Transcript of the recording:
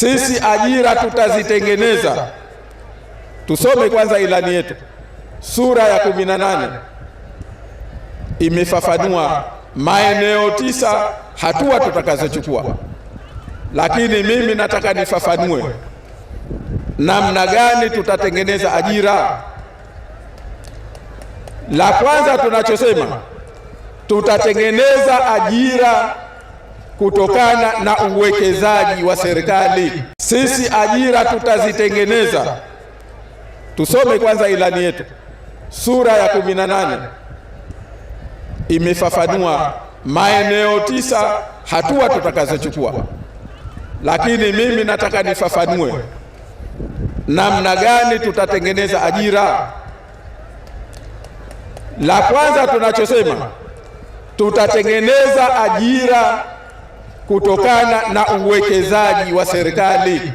Sisi ajira tutazitengeneza. Tusome kwanza ilani yetu, sura ya 18 imefafanua maeneo tisa, hatua tutakazochukua, lakini mimi nataka nifafanue namna gani tutatengeneza ajira. La kwanza tunachosema, tutatengeneza ajira kutokana na uwekezaji wa serikali. Sisi ajira tutazitengeneza. Tusome kwanza ilani yetu sura ya 18 imefafanua maeneo tisa, hatua tutakazochukua, lakini mimi nataka nifafanue namna gani tutatengeneza ajira. La kwanza tunachosema tutatengeneza ajira kutokana na uwekezaji wa serikali.